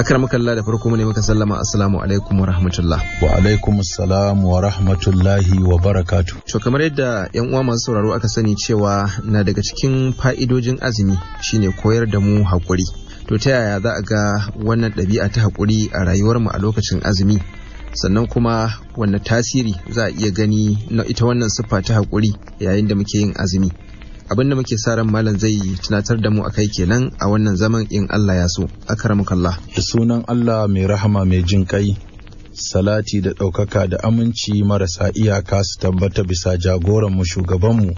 akramaka Allah da farko ne muka sallama assalamu alaikum wa rahmatullah wa alaikum assalam wa rahmatullahi wa barakatuh to kamar yadda yan uwa masu sauraro aka sani cewa na daga cikin fa'idojin azumi shine koyar da mu hakuri to ta yaya za a ga wannan ɗabi'a ta hakuri a rayuwarmu a lokacin azumi sannan kuma wanne tasiri za a iya gani na ita wannan siffa ta hakuri yayin da muke yin azumi Abin da muke sa ran malam zai yi tunatar da mu akai kenan a wannan zaman in Allah ya so akramukallah da sunan Allah mai rahama mai jin kai salati da ɗaukaka da aminci marasa iyaka su tabbata bisa jagoran mu shugabanmu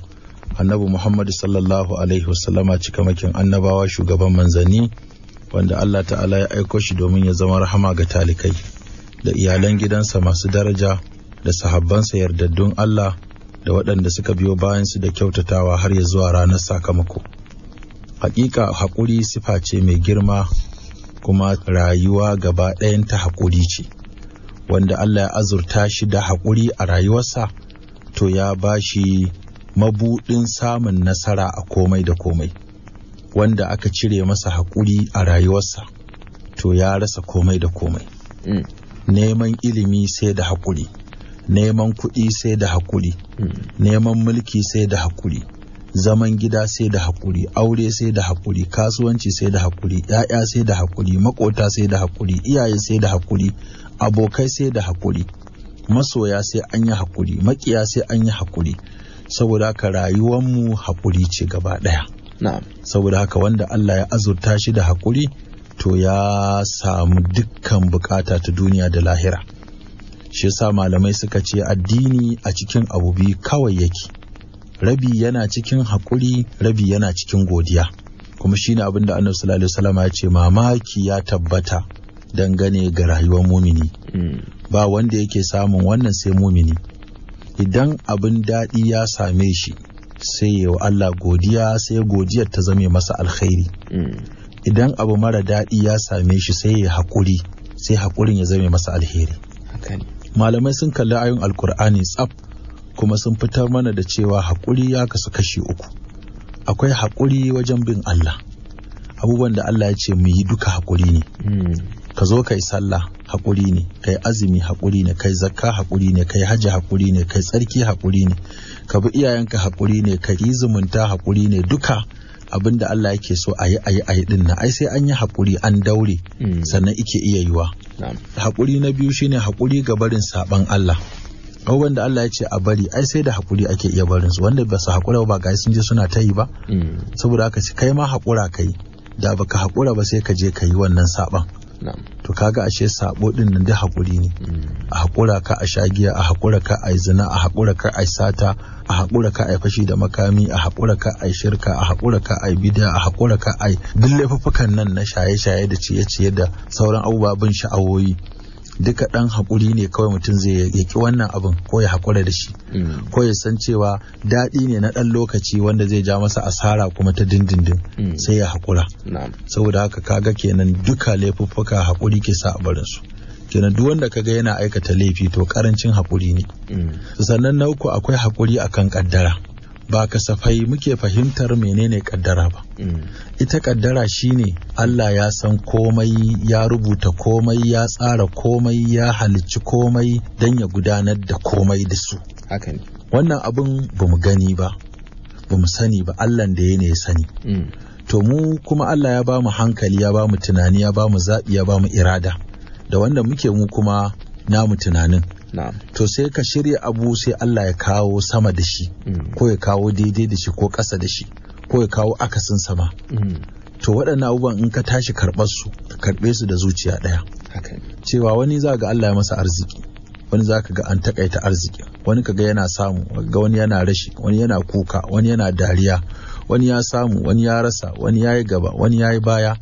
annabi Muhammad sallallahu alaihi wasallama cikamakin annabawa shugaban manzanni wanda Allah ta'ala ya aiko shi domin ya zama rahama ga talikai da iyalan gidansa masu daraja da sahabbansa yardaddun Allah da waɗanda suka biyo bayansu da kyautatawa har ya zuwa ranar sakamako hakika haƙuri sifa ce mai girma kuma rayuwa gaba ta haƙuri ce wanda Allah ya azurta shi da haƙuri a rayuwarsa to ya ba shi mabuɗin samun nasara a komai da komai wanda aka cire masa haƙuri a rayuwarsa to ya rasa komai da komai mm. neman ilimi sai da haƙuri neman kuɗi sai da hakuri hmm. neman mulki sai da hakuri zaman gida sai da hakuri aure sai da hakuri kasuwanci sai da hakuri ‘ya'ya sai da hakuri makota sai da hakuri iyaye sai da hakuri abokai sai da hakuri masoya sai an yi hakuri makiya sai an yi hakuri saboda haka mu hakuri ce gaba ɗaya saboda haka wanda Allah ya azurta shi da hakuri to ya samu dukkan bukata ta duniya da lahira shi yasa malamai suka ce addini a cikin abu biyu kawai yake rabi yana cikin haƙuri rabi yana cikin godiya kuma shine abin da annabi sallallahu alaihi wasallam ya ce mamaki ya tabbata dangane ga rayuwar mumini hmm. ba wanda yake samun wannan sai mumini idan abin daɗi ya same shi sai yawa Allah godiya sai godiyar ta zame masa alkhairi hmm. idan abu mara daɗi ya same shi sai ya haƙuri sai haƙurin ya zame masa alheri malamai sun kalli ayon alkur'ani tsaf kuma sun fitar mana da cewa haƙuri ya kasu kashi uku akwai haƙuri wajen bin Allah abubuwan da Allah ya ce mu yi duka haƙuri ne hmm. ka zo kai sallah haƙuri ne kai azumi haƙuri ne kai zakka haƙuri ne kai hajji haƙuri ne kai tsarki haƙuri ne ka bi iyayenka haƙuri ne ka yi zumunta haƙuri ne duka abin da Allah yake so a yi a yi a yi ai sai an yi hakuri an daure hmm. sannan ike iya yiwa haƙuri na biyu shine hakuri ga barin saban Allah abubuwan da Allah ya ce a bari ai sai da hakuri ake iya barin su wanda ba su haƙura ba ga sun je suna ta yi ba hmm. saboda haka kai ma hakura kai da baka hakura ba sai ka je ka wannan saban to kaga ashe sabo din nan da hakuri ne a hakura ka a shagiya a hakura ka a zina a hakura ka a sata a hakura ka a fashi da makami a hakura ka a shirka a hakura ka a bid'a a hakura ka a duk laifuffukan nan na shaye-shaye da ciye-ciye da sauran abubuwa sha'awoyi duka dan haƙuri ne kawai mutum zai yaki wannan abin ko ya haƙura da shi mm. ko ya san cewa daɗi ne na ɗan lokaci wanda zai ja masa asara kuma ta dindindin mm. sai ya haƙura saboda haka kaga kenan duka laifuffuka haƙuri ke sa a su kenan duk wanda kaga yana aikata laifi to karancin haƙuri ne mm. sannan na uku akwai haƙuri akan kaddara ba kasafai muke fahimtar menene kaddara ba mm. ita kaddara shine Allah ya san komai ya rubuta komai ya tsara komai ya halicci komai dan ya gudanar da komai da su wannan abun ba mu gani ba ba mu sani ba Allah da ya ne ya sani mm. to mu kuma Allah ya ba mu hankali ya ba mu tunani ya ba mu zaɓi ya ba mu irada da wanda muke mu kuma namu tunanin to sai ka shirya abu sai Allah ya kawo sama da shi mm. ko ya kawo daidai da shi ko ƙasa da shi ko ya kawo akasin sama mm. to waɗannan abubuwan in ka tashi karɓar su karɓe su da zuciya ɗaya cewa wani za ga Allah ya masa arziki wani za ka ga an taƙaita arziki wani ka ga yana samu ga wani yana rashi wani yana kuka wani yana dariya wani ya samu wani ya rasa wani ya yi gaba wani ya yi baya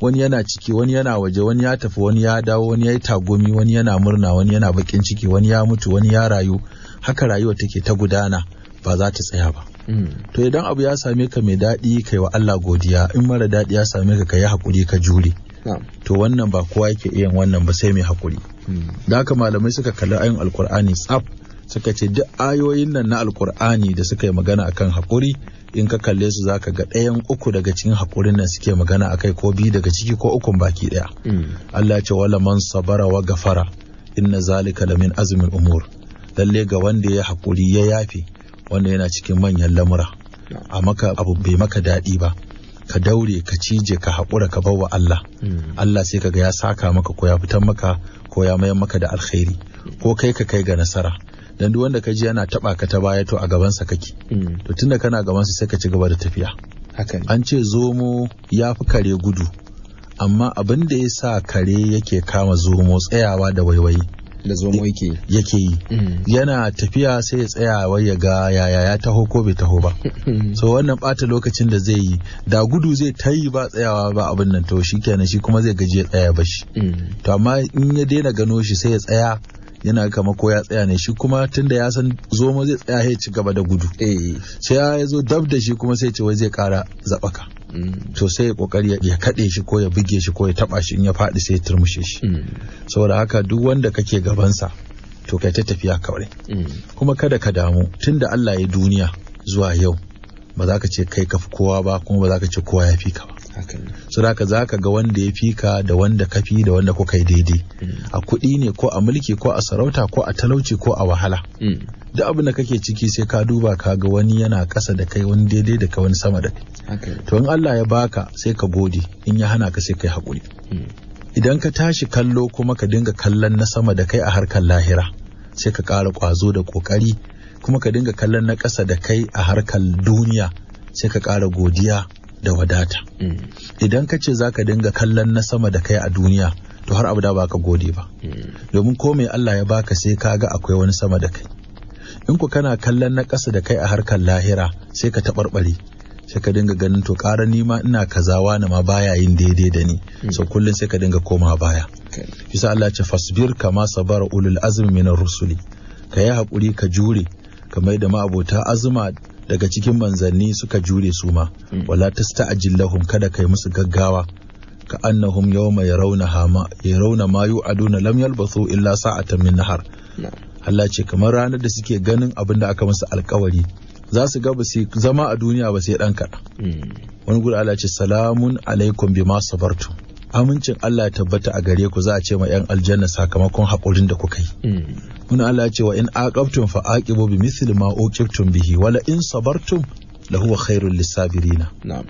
wani yana ciki wani yana waje wani ya tafi wani ya dawo wani ya yi tagomi wani yana murna wani yana bakin ciki wani ya mutu wani ya rayu haka rayuwa take ta gudana ba za ta tsaya ba hmm. to idan abu ya same ka mai daɗi kai wa Allah godiya in mara daɗi ya same ka ka yi hakuri ka jure to wannan ba kowa yake iya wannan ba sai mai hakuri hmm. da haka malamai suka kalli ayin alkur'ani tsaf suka ce duk ayoyin nan na alkur'ani da suka yi magana akan hakuri in ka kalle su za ka ga ɗayan uku daga cikin haƙurin nan suke magana a kai ko biyu daga ciki ko ukun baki ɗaya mm. Allah ya ce wala man sabara wa gafara inna zalika lamin azumin umur lalle ga wanda ya haƙuri ya yafe. wanda yana cikin manyan lamura a maka abu bai maka daɗi ba ka daure ka cije ka haƙura ka bawa Allah mm. Allah sai kaga ya saka maka ko ya fitar maka ko ya mayar maka da alkhairi ko kai ka kai ga nasara dan duk wanda ka ji yana taba ka ta baya to a gaban sa kake mm. to tunda kana gaban sa sai ka ci gaba da tafiya an ce zomo ya fi kare gudu amma abin da ya sa kare yake kama zomo tsayawa da waiwayi da zomo yake yake yi mm. yana tafiya sai ya tsaya wai ya ga yaya ya taho ko bai taho ba so wannan bata lokacin da zai yi da gudu zai ta ba tsayawa ba abin nan to shikenan shi kuma zai gaji ya tsaya ba shi mm. to amma in ya daina gano shi sai ya tsaya yana kama ko ya tsaya ne shi kuma tunda ya san zomo zai tsaya ya ci gaba da gudu eh. sai ya zo dab da shi kuma sai ce wai zai kara zabaka mm. to sai ya kokari ya kade shi ko ya buge shi ko ya taba shi in ya faɗi sai ya turmushe shi mm. saboda haka duk wanda kake gaban sa to kai ta tafiya kawai mm. kuma kada ka damu tunda Allah ya duniya zuwa yau ba za ka ce kai ka fi kowa ba kuma ba za ka ce kowa ya fi ka ba su da za ka ga wanda ya fika da wanda kafi da wanda kuka yi daidai mm. a kuɗi ne ko a mulki ko a sarauta ko a talauci ko a wahala mm. duk abin da kake ciki sai ka duba ka ga wani yana kasa da kai wani daidai da kai wani sama da kai to in Allah ya baka sai ka gode in ya hana ka sai kai haƙuri mm. idan ka tashi kallo kuma ka dinga kallon na sama da kai a harkar lahira sai ka ƙara ƙwazo da ƙoƙari kuma ka dinga kallon na ƙasa da kai a harkar duniya sai ka ƙara godiya da wadata mm. idan ka ce za ka dinga kallon na sama da kai a duniya to har abu da baka gode ba mm. domin ko mai Allah ya baka sai ka ga akwai wani sama da kai in ku kana kallon na kasa da kai a harkar lahira sai ka taɓarɓare sai ka dinga ganin to ƙara nima ina kazawa na ma baya yin daidai da ni mm. Sau kullum sai ka dinga koma baya Fisa Allah ce fasbir kama sabara ulul azumi na rusuli ka yi haƙuri ka jure Ka mai da abota azuma daga cikin manzanni suka jure su ma hmm. wala tasta'jil lahum kada kai musu gaggawa ka annahum yawma yarawna hama yarawna ma yu'aduna lam yalbathu illa sa'atan min nahar Allah ce kamar ranar da suke ganin abin da aka musu alkawari za su ga ba su zama a duniya ba sai dan kaɗan hmm. wani gudu Allah ce salamun alaikum bima sabartum amincin Allah ya tabbata a gare ku za a ce ma yan aljanna sakamakon haƙurin da kuka yi hmm. muna Allah ya ce wa in aqabtum fa aqibu bi misli ma uqibtum bihi wala in sabartum la huwa khairul lisabirina na'am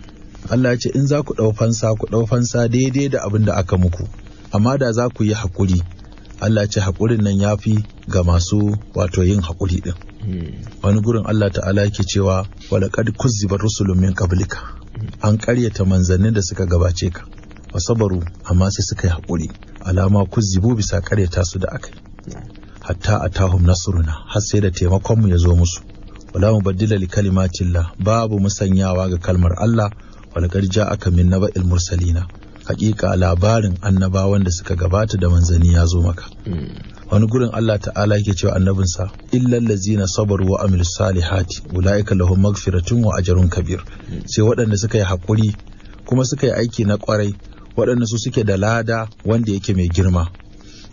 Allah ya ce in za ku dau fansa ku dau fansa daidai da abin da aka muku amma da za ku yi haƙuri Allah ce haƙurin nan ya fi ga masu wato yin haƙuri ɗin. Hmm. Wani gurin Allah ta'ala yake cewa walaƙad kuzibar rusulun min qablika hmm. an ƙaryata manzannin da suka gabace ka. wasabaru amma sai suka yi hakuri. alama kuzibu bisa karyata su da akai. hatta a atahum nasruna har sai da taimakon mu ya zo musu wala mu li kalimatillah babu musanyawa ga kalmar Allah wala garja aka min il mursalina hakika labarin annabawan da suka gabata da manzani ya zo maka wani gurin Allah ta'ala yake cewa annabinsa illal ladzina sabaru wa amilu salihati ulaika lahum maghfiratun wa ajrun kabir sai waɗanda suka yi hakuri kuma suka yi aiki na kwarai. waɗanda su suke da lada wanda yake mai girma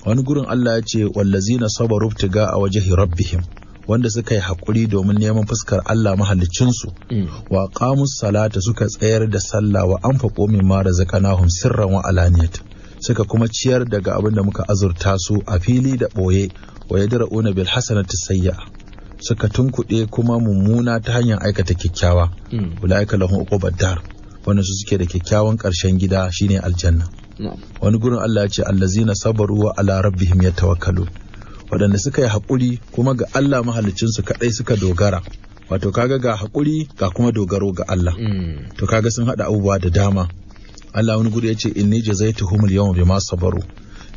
wani gurin Allah ya ce wallazina sabaru tiga a wajahi rabbihim wanda suka yi haƙuri domin neman fuskar Allah mahalicinsu. Mm. wa qamus salata suka tsayar da sallah wa min mimma razaqnahum sirran wa alaniyat suka kuma ciyar daga abin da muka azurta su a fili da ɓoye wa yadra'una bil hasanati sayya suka tunkuɗe kuma mummuna ta hanyar aikata kyakkyawa mm. ulaika lahum uqubad dar wanda su suke da kyakkyawan ƙarshen gida shine aljanna wani gurin Allah ya ce allazina sabaru wa ala rabbihim yatawakkalu waɗanda suka yi haƙuri kuma ga Allah mahalicin su kadai suka dogara wato kaga ga hakuri ga kuma dogaro ga Allah mm. to kaga sun haɗa abubuwa da dama Allah wani guri ya ce inni yawan yawma bima sabaru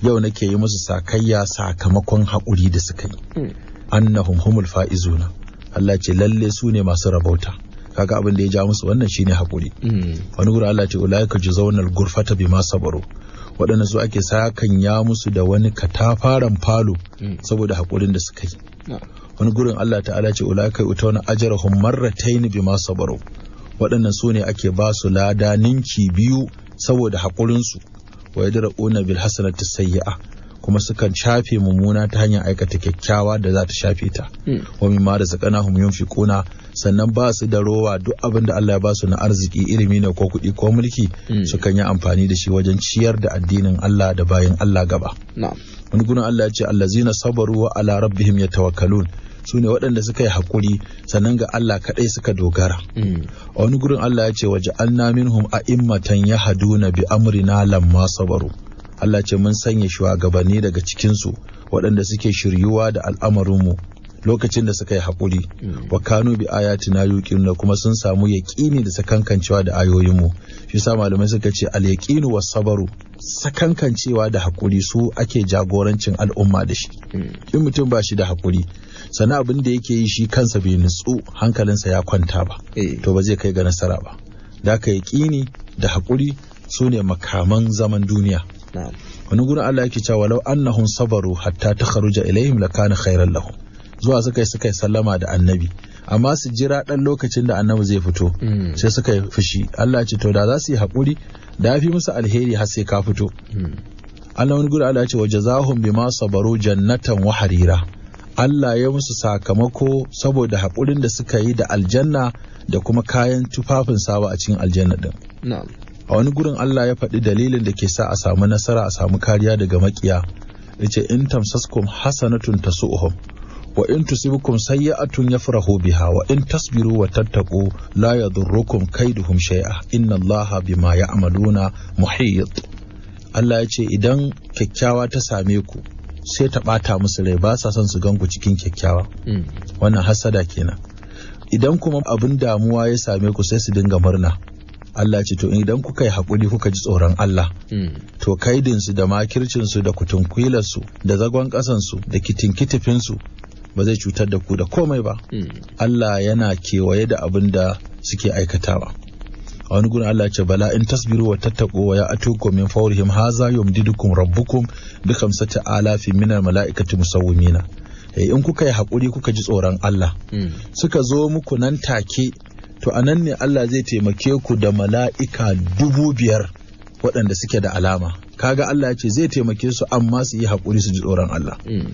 yau nake yi musu sakayya sakamakon haƙuri da suka yi mm. annahum humul fa'izuna Allah ce lalle su ne masu rabauta kaga abin da ya ja musu wannan shine hakuri hmm. wani guri Allah ce ulaika juzawnal gurfata bima sabaru waɗanda su ake sakan ya musu da wani katafaren falo hmm. saboda hakurin da suka yi wani gurin Allah ta'ala ce ulaika utawna ajrahum marrataini bima sabaru waɗannan su ne ake ba su lada ninki biyu saboda hakurin su wa yadra'una bil hasanati sayyi'a kuma sukan shafe mummuna ta hanyar aikata kyakkyawa da za ta shafe ta hmm. wa mimma da zakanahum yunfiquna sannan ba su da rowa duk abin da Allah ya ba su na arziki ilimi ne ko kuɗi ko mulki hmm. sukan yi amfani da shi wajen ciyar da addinin Allah da bayan Allah gaba wani gunan Allah ya ce zina sabaru wa ala rabbihim su ne waɗanda suka yi haƙuri sannan ga Allah kaɗai suka dogara. Hmm. A wani gurin Allah ya ce hum a minhum ya Haduna bi amrina lamma sabaru. Allah ce mun sanya shuwagabanni daga cikinsu waɗanda suke shiryuwa da al'amarinmu lokacin da suka yi haƙuri wa kanu bi ayatina yuqinu kuma sun samu yaqini da sakankancewa da ayoyinmu shi sa malamai suka ce al yaqinu was sabaru sakankancewa da haƙuri su ake jagorancin al'umma da shi hmm. in mutum ba shi da haƙuri sana abin da yake yi shi kansa bai nutsu hankalinsa ya kwanta ba eh. to ba zai kai ga nasara ba da ka yaqini da haƙuri su ne makaman zaman duniya wani gurin Allah yake cewa walau annahum sabaru hatta ta kharuja ilaihim lakana khairan lahum zuwa suka suka sallama da annabi amma su jira ɗan lokacin da annabi zai fito hmm. sai suka fushi Allah ce to da za su yi hakuri da fi musu alheri har sai ka fito hmm. Allah wani gudu Allah ce wa jazahum bima sabaru jannatan wa harira Allah ya musu sakamako saboda haƙurin da suka yi da aljanna da kuma kayan tufafin sawa a cikin aljanna din a wani gurin Allah ya faɗi dalilin da ke sa a samu nasara a samu kariya daga makiya ce in tamsaskum hasanatun tasu'uhum wa in tusibukum sayyi'atun yafrahu biha wa in tasbiru wa tattaqu la yadurrukum kaiduhum shay'a inna Allaha bima ya'maluna muhit Allah yace idan kyakkyawa ta same ku sai ta bata musu rai ba sa son su ganku cikin kyakkyawa hmm. wannan hasada kenan idan kuma abin damuwa ya same ku sai su dinga murna Allah ce to idan kuka yi hakuri kuka ji tsoron Allah hmm. to kaidinsu da makircinsu da kutunkuilarsu da zagon ƙasansu da kitin kitifinsu. ba zai cutar da ku da komai ba hmm. Allah yana kewaye da abin da suke aikatawa a wani gurin Allah ce bala in tasbiru wa tattako wa ya'tukum min fawrihim haza yumdidukum rabbukum bi khamsati alafi min al mala'ikati musawwimina eh, in kuka yi hakuri kuka ji tsoron Allah hmm. suka zo muku nan take to anan ne Allah zai taimake ku da mala'ika dubu biyar waɗanda suke da alama kaga Allah ya ce zai taimake su amma su yi haƙuri su ji tsoron Allah hmm.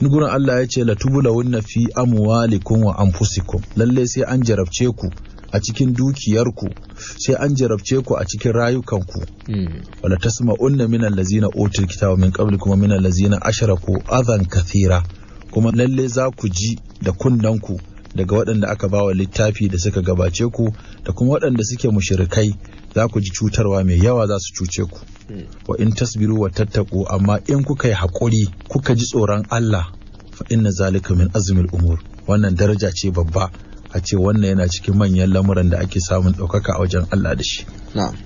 in gurin Allah ya ce la wunna fi amwalikum wa anfusikum lalle sai an jarabce ku a cikin dukiyarku sai an jarabce ku a cikin rayukanku hmm. wala unna min allazina utul kitaba min qablikum kuma min allazina asharaku adhan kathira kuma lalle za ku ji da kunnanku daga waɗanda aka ba wa littafi da suka gabace ku da kuma waɗanda suke mushirikai za ku ji cutarwa mai yawa za su cuce ku wa in tasbiru wa tattaku amma in kuka yi haƙuri kuka ji tsoron Allah fa inna zalika min azmil umur wannan daraja ce babba a ce wannan yana cikin manyan lamuran da ake samun ɗaukaka a wajen Allah da shi.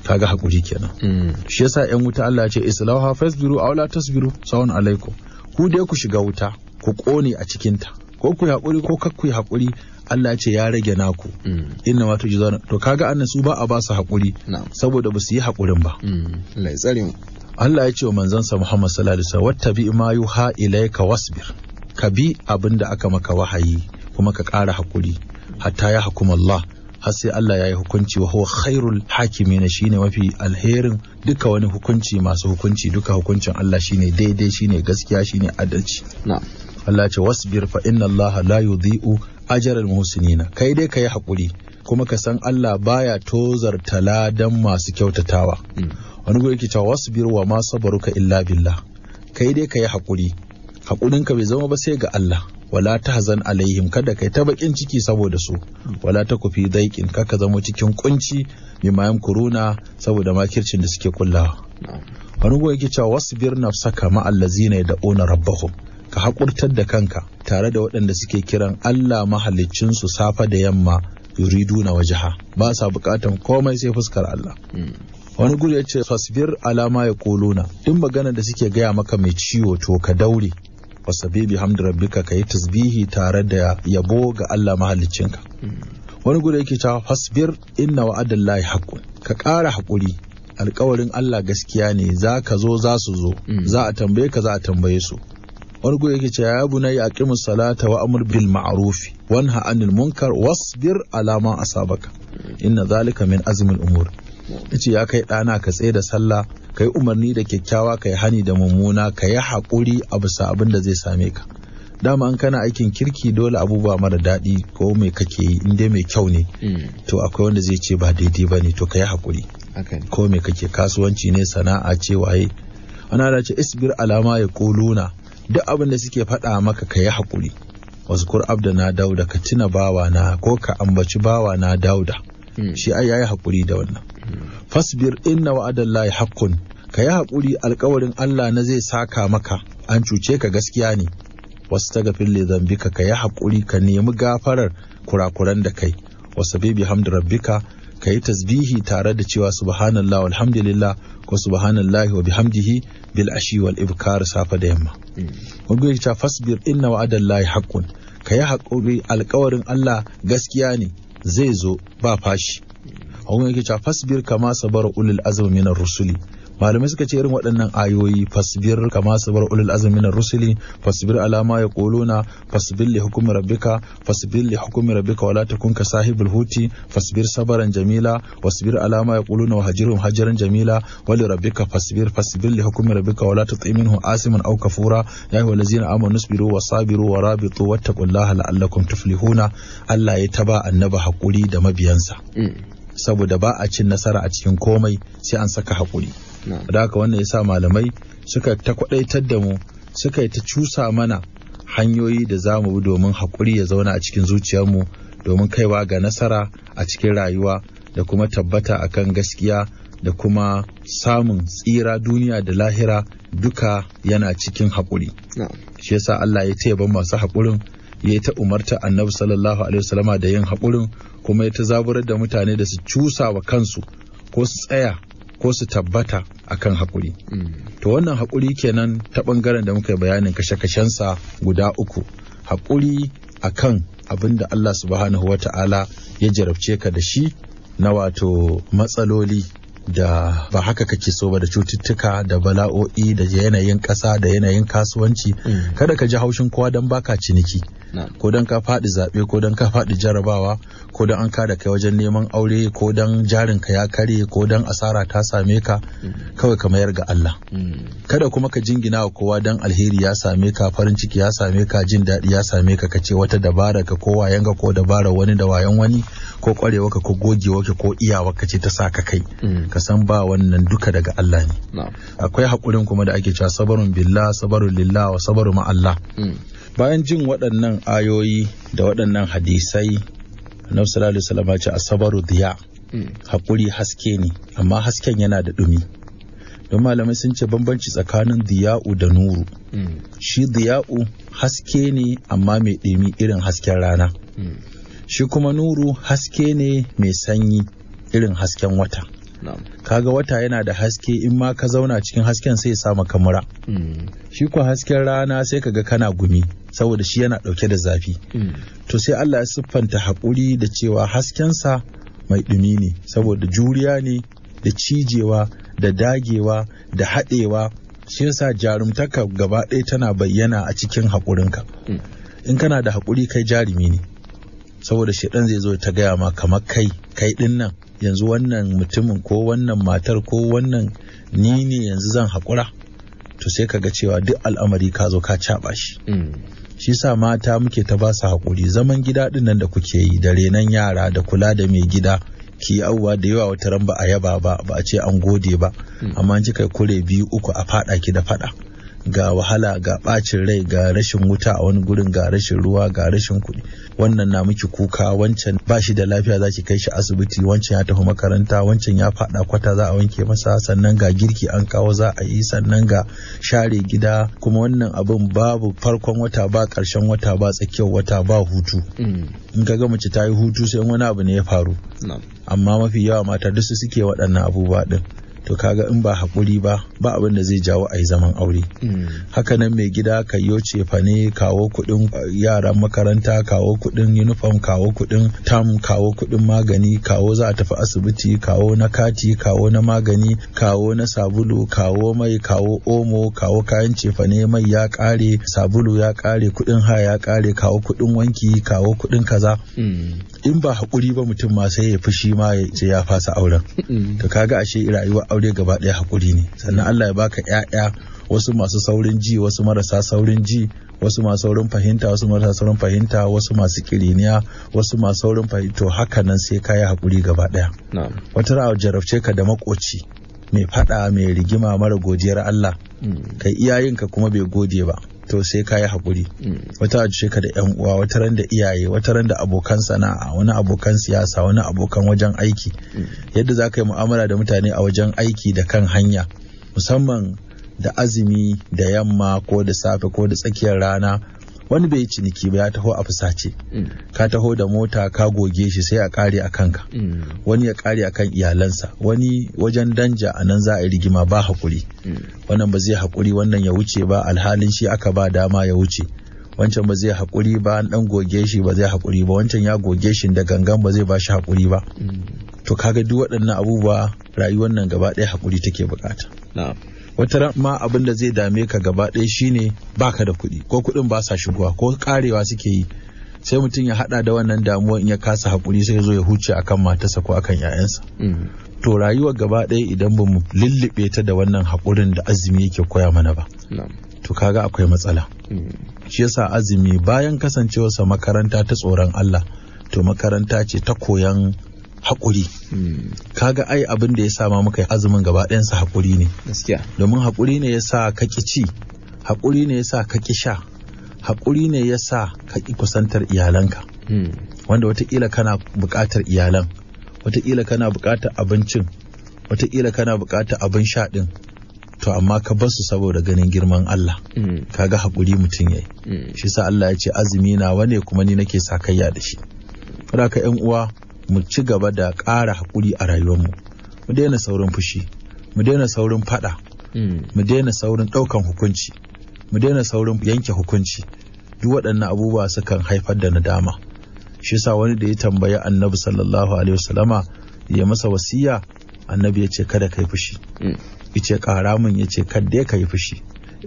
Kaga hakuri kenan. Mm. Shi yasa ‘yan wuta Allah ce islahu fasbiru aula tasbiru sawun alaikum. Ku dai ku shiga wuta ku ƙone a cikinta. ko ku haƙuri ko kakku haƙuri Allah ce ya rage naku mm. inna ma jizo to kaga annan su ba a ba su haƙuri saboda ba su yi haƙurin ba mm. Allah ya Allah ya ce wa manzon sa Muhammad sallallahu alaihi wasallam wattabi ma yuha ilayka wasbir ka bi abin da aka maka wahayi kuma ka kara haƙuri hatta ya hukuma Allah har sai Allah ya yi hukunci wa huwa khairul hakimi shine mafi alherin duka wani hukunci masu hukunci duka hukuncin Allah shine daidai shine gaskiya shine adalci na'am Allah ce wasbir fa inna Allah la yudhi'u al muhsinina kai dai kai hakuri kuma ka san Allah baya tozar taladan masu kyautatawa wani guri yake cewa wasbir wa ma sabaruka illa billah kai dai kai hakuri ka bai zama ba sai ga Allah wala tahzan alaihim kada kai ta bakin ciki saboda su wala ta kufi daikin kaka zama cikin kunci mai mayan kuruna saboda makircin da suke kullawa wani guri yake cewa wasbir nafsaka ma allazina yad'una rabbahum ka haƙurtar da kanka tare da waɗanda suke kiran Allah mahaliccinsu safa da yamma yuriduna wajaha ba sa buƙatan komai sai fuskar Allah hmm. wani guri ya ce fasbir alama ya kolona duk magana da suke gaya maka mai ciwo to ka daure wasabi bi hamdu rabbika ka yi tasbihi tare da yabo ga Allah mahaliccinka hmm. wani guri yake cewa fasbir inna wa'adallahi haqqun ka ƙara haƙuri alkawarin Allah gaskiya ne za ka zo za su zo hmm. za a tambaye ka za a tambaye su wargo yake ce ya bunayya aqimus salata wa amur bil ma'ruf wanha anil munkar wasbir alama a sabaka. inna zalika min azumin umur yace ya kai ɗana ka tsaye da sallah ka yi umarni da kyakkyawa ka yi hani da mummuna ka yi haƙuri a bisa abin da zai same ka dama an kana aikin kirki dole abubuwa mara daɗi ko mai kake yi in dai mai kyau ne mm. to akwai wanda zai ce ba daidai ba ne to ka yi haƙuri ko mai kake kasuwanci ne sana'a ce waye ana da ce isbir alama ya koluna duk abin da suke faɗa maka ka yi haƙuri abda na dauda ka tuna bawa na ko ka ambaci bawa na dauda hmm. shi ai yayi haƙuri da wannan hmm. fasbir inna wa'adallahi haqqun ka yi haƙuri alƙawarin Allah na zai saka maka an cuce ka gaskiya ne wasu ta gafin lezambika ka yi haƙuri ka nemi gafarar kurakuran da kai wasu bibi hamdu rabbika ka yi tasbihi tare da cewa subhanallah walhamdulillah ko subhanallah wa bihamdihi bil ashi wal ibkar safa da yamma wanda yake fasbir inna wa'adallahi haqqun ka yi haƙuri alƙawarin Allah gaskiya ne zai zo ba fashi wanda yake cewa fasbir kama sabara ulul azmi minar rusuli malamai suka ce irin waɗannan ayoyi fasbir kama bar ulul azmi na rusuli fasbir alama ya kolona fasbir li hukumi rabbika fasbir li hukumi rabbika wala takun ka sahibul huti fasbir sabaran jamila wasbir alama ya kuluna wa hajirum hajaran jamila wali rabbika fasbir fasbir li hukumi rabbika wala tuti minhu asiman aw kafura ya ayyuhal ladzina amanu isbiru wasabiru Wata wattaqullaha la'allakum tuflihuna Allah ya taba annaba hakuri da mabiyansa mm. saboda ba a cin nasara a cikin komai sai an saka haƙuri da haka wannan yasa malamai suka ta kwadaitar da mu suka yi ta cusa mana hanyoyi da za mu bi domin haƙuri ya zauna a cikin zuciyar mu domin kaiwa ga nasara a cikin rayuwa da kuma tabbata akan gaskiya da kuma samun tsira duniya da lahira duka yana cikin haƙuri shi yasa Allah ya taya ban masu haƙurin ya ta umarta annabi sallallahu alaihi wasallama da yin haƙurin kuma ya ta zaburar da mutane da su cusa wa kansu ko su tsaya ko su tabbata akan haƙuri mm. to wannan haƙuri kenan ta ɓangaren da muka bayanin kashe-kashensa guda uku haƙuri akan abin da Allah subhanahu ta'ala ya jarabce ka da shi na wato matsaloli da ba haka kake so ba da cututtuka da bala'o'i da yanayin ƙasa da yanayin kasuwanci mm. kada ka ji haushin kowa don baka ciniki ko don ka faɗi zaɓe ko don ka faɗi jarabawa ko don an kada kai wajen neman aure ko don jarin ka ya karye ko don asara ta same ka kawai ka mayar ga Allah kada kuma ka jingina wa kowa don alheri ya same ka farin ciki ya same ka jin daɗi ya same ka ka ce wata dabara ka ko wayan ko dabara wani da wayan wani ko kwarewa ka ko gogewa ka ko iyawa ka ce ta sa ka kai mm. ka san ba wannan duka daga Allah ne akwai haƙurin kuma da ake cewa sabarun billah sabarun lillah wa sabarun ma Allah mm. bayan jin waɗannan ayoyi da waɗannan hadisai annabi sallallahu alaihi wasallam ya ce asabaru diya haƙuri hmm. haske ne amma hasken yana da ɗumi don malamai sun ce bambanci tsakanin diya'u da nuru hmm. shi diya'u haske ne amma mai ɗumi irin hasken rana hmm. shi kuma nuru haske ne mai sanyi irin hasken wata kaga wata yana da haske in ma ka zauna cikin hasken sai ya sama kamura mm. shi kuwa hasken rana sai ka ga kana gumi saboda shi yana dauke da zafi mm. to sai Allah ya siffanta hakuri da cewa haskensa mai dumi ne saboda juriya ne da cijewa da dagewa da haɗewa shi yasa jarumtaka gaba ɗaya tana bayyana a cikin haƙurinka mm. in kana da hakuri kai jarumi ne saboda shaidan zai zo ta gaya ma kamar kai kai ɗin nan yanzu wannan mutumin ko wannan matar ko wannan ni ne yanzu zan haƙura to sai ka ga cewa duk al'amari ka zo ka caɓa shi mm. shi sa mata muke ta ba su haƙuri zaman gida ɗin nan da kuke yi da renon yara da kula da mai gida ki auwa da yawa wata ran ba a yaba ba ba a ce an gode ba mm. amma kai kure biyu uku a faɗa ki da faɗa ga wahala ga bacin rai ga rashin wuta a wani gurin ga rashin ruwa ga rashin kuɗi wannan na miki kuka wancan ba shi da lafiya za ki kai shi asibiti wancan ya tafi makaranta wancan ya faɗa kwata za a wanke masa sannan ga girki an kawo za a yi sannan ga share gida kuma wannan abin babu farkon wata ba ƙarshen wata ba tsakiyar wata ba hutu mm. in ka ga mace ta yi hutu sai wani abu ne ya faru amma mafi yawa mata duk suke waɗannan abubuwa din to kaga in ba hakuri ba ba abin da zai jawo a yi zaman aure hmm. hakanan mai gida ka yo cefa ne kawo kuɗin uh, yaran makaranta kawo kuɗin uniform kawo kuɗin tam kawo kuɗin magani kawo za a tafi asibiti kawo na kati kawo na magani kawo na sabulu kawo mai kawo omo kawo kayan cefane mai ya kare sabulu ya kare kuɗin ha ya ƙare kawo kuɗin wanki kawo kuɗin kaza hmm. in ba hakuri ba mutum ma sai ya fushi ma ya ya fasa auren hmm. to kaga ashe rayuwa. aure gaba ɗaya haƙuri ne sannan Allah ya baka ƴaƴa wasu masu saurin ji wasu marasa saurin ji wasu masu saurin fahimta wasu marasa saurin fahimta wasu masu kiriniya wasu masu saurin fahimta haka nan sai ka yi haƙuri gaba ɗaya wata ra'a jarabce ka da makoci mai faɗa mai rigima mara godiyar Allah hmm. kai iyayenka kuma bai gode ba to sai ka yi haƙuri wata a ka da yan uwa wata ran da iyaye wata ran da abokan sana'a wani abokan siyasa wani abokan wajen aiki yadda za ka yi mu'amala da mutane a wajen aiki da kan hanya musamman da azumi da yamma ko da safe ko da tsakiyar rana wani bai yi ciniki ba ya taho a fusace mm. ka taho da mota ka goge shi sai a kare a kanka mm. wani ya kare a kan iyalansa wani wajen danja a nan za a yi rigima ba hakuri mm. wannan ba zai hakuri wannan ya wuce ba alhalin shi aka ba dama ya wuce wancan ba zai hakuri ba an dan goge shi ba zai hakuri ba wancan ya goge shi da gangan ba zai ba shi hakuri ba to kaga duk waɗannan abubuwa rayuwar nan gaba ɗaya hakuri take bukata na'am wata ma abin da zai dame ka gaba ɗaya shine baka da kuɗi ko kuɗin ba sa shigowa ko karewa suke yi sai mutum ya haɗa da wannan damuwa in ya kasa hakuri sai zo ya huce akan matarsa ko akan 'ya'yansa mm. to rayuwa gaba ɗaya idan ba mu lullube ta da wannan hakurin da azumi yake koya mana ba to kaga akwai matsala mm. shi yasa azumi bayan kasancewarsa makaranta ta tsoron Allah to makaranta ce ta koyan haƙuri hmm. kaga ai abin da ya sa ma muka yi azumin gaba ɗayansa haƙuri ne gaskiya domin haƙuri ne yasa sa kaki ci haƙuri ne yasa sa kaki sha haƙuri ne yasa sa kusantar iyalanka hmm. wanda watakila kana buƙatar iyalan watakila kana buƙatar abincin wataƙila kana buƙatar abin sha ɗin to amma ka basu saboda ganin girman Allah hmm. kaga haƙuri mutum yayi yi. shi sa Allah ya ce azumi na wane kuma ni nake sa sakayya da shi ka yan uwa mu ci gaba da ƙara haƙuri a rayuwarmu mu daina saurin fushi mu daina saurin faɗa hmm. mu daina saurin ɗaukan hukunci mu daina saurin yanke hukunci duk waɗannan abubuwa sukan haifar da nadama shi sa wani da ya tambayi annabi sallallahu alaihi wasallama ya masa wasiya annabi ya ce kada kai fushi hmm. ya ce ƙara mun ya ce kada ka yi fushi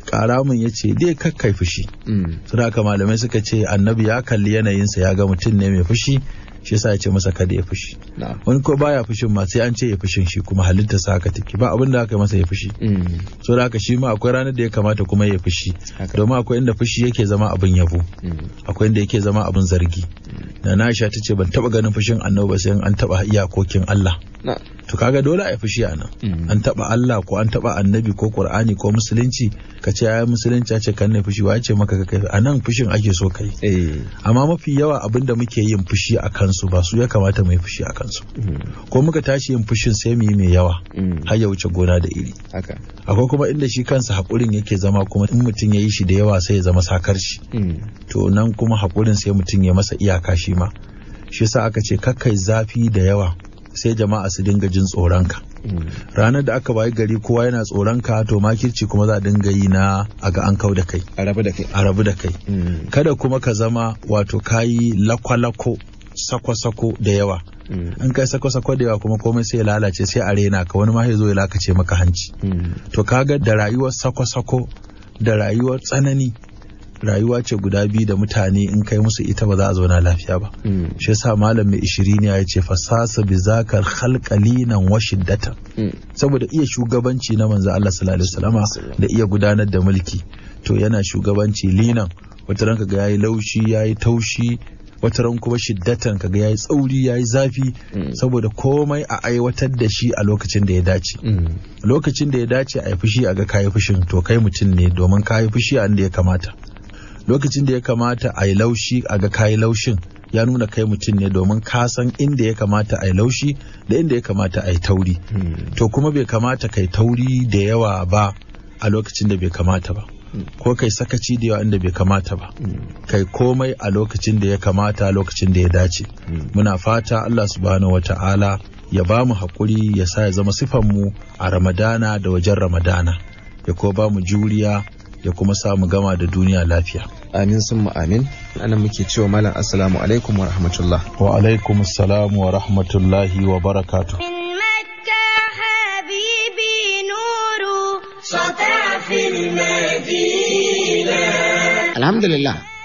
ƙara mun ya ce dai yi fushi hmm. suna ka malamai suka ce annabi ya kalli yanayinsa ya ga mutum ne mai fushi shi yasa ya ce masa kada ya fushi wani ko baya fushin ma sai an ce ya fushin shi kuma halitta sa haka take ba abin da aka masa ya fushi mm. so da haka shi ma akwai ranar da ya kamata kuma ya fushi domin akwai inda fushi yake zama abin yabo mm. akwai inda yake zama abin zargi mm. na nasha ta ce ban taba ganin fushin annabi sai an taba iyakokin Allah to kaga dole a yi fushi a nan mm. an taba Allah ko an taba annabi ko qur'ani ko musulunci ka ce ya musulunci ce kan ne fushi wace maka ka kai a nan fushin ake so kai eh. amma mafi yawa abin da muke yin fushi a kansu ba su ya kamata mu yi fushi a kansu mm. ko muka tashi yin fushin sai mu yi mai yawa mm. har ya wuce gona da iri akwai kuma inda shi kansa hakurin yake zama kuma in mutum ya yi shi da yawa sai ya zama sakar shi to nan kuma hakurin sai mutum ya masa iyaka shi ma shi yasa aka ce kakkai zafi da yawa sai jama'a su dinga jin tsoronka ranar da aka bayi gari kowa yana tsoronka to makirci kuma za a dinga yi na a ga an kau rabu da kai mm. kada kuma ka zama wato kayi lakwalako sako-sako da yawa mm. in kai sako-sako da yawa kuma komai sai ya lalace sai a rena ka wani ma ya zo ya lakace maka hanci mm. to kaga da rayuwar sako-sako da rayuwar tsanani rayuwa ce guda biyu da mutane in kai musu ita ba za a zauna lafiya ba hmm. shi yasa malam mai ishirini ya ce fasasa bi zakar khalqalinan wa shiddata hmm. saboda iya shugabanci na manzo Allah sallallahu alaihi da iya gudanar da mulki to yana shugabanci linan wata ranka ga yayi laushi yayi taushi wata ran kuma shiddatan kaga yayi tsauri yayi zafi hmm. saboda komai a aiwatar da shi a lokacin da ya dace lokacin da ya dace a yi fushi a ga kayi fushin to kai mutum ne domin kayi fushi a inda ya kamata lokacin da ya kamata a yi laushi a ga kayi laushin ya nuna kai mutum ne domin ka san inda ya kamata a yi laushi da inda ya kamata a yi tauri hmm. to kuma bai kamata kai tauri da yawa ba a lokacin da bai kamata ba hmm. ko kai sakaci da yawa inda bai kamata ba hmm. kai komai a lokacin da ya kamata lokacin da ya dace muna fata Allah subhanahu wata'ala ya ba mu haƙuri ya sa ya zama sifanmu a ramadana da wajen ramadana ya ko ba mu juriya ya kuma samu gama da duniya lafiya amin sun amin anan muke cewa malam assalamu alaikum wa rahmatullah wa alaikum assalam wa rahmatullahi wa barakatuh Alhamdulillah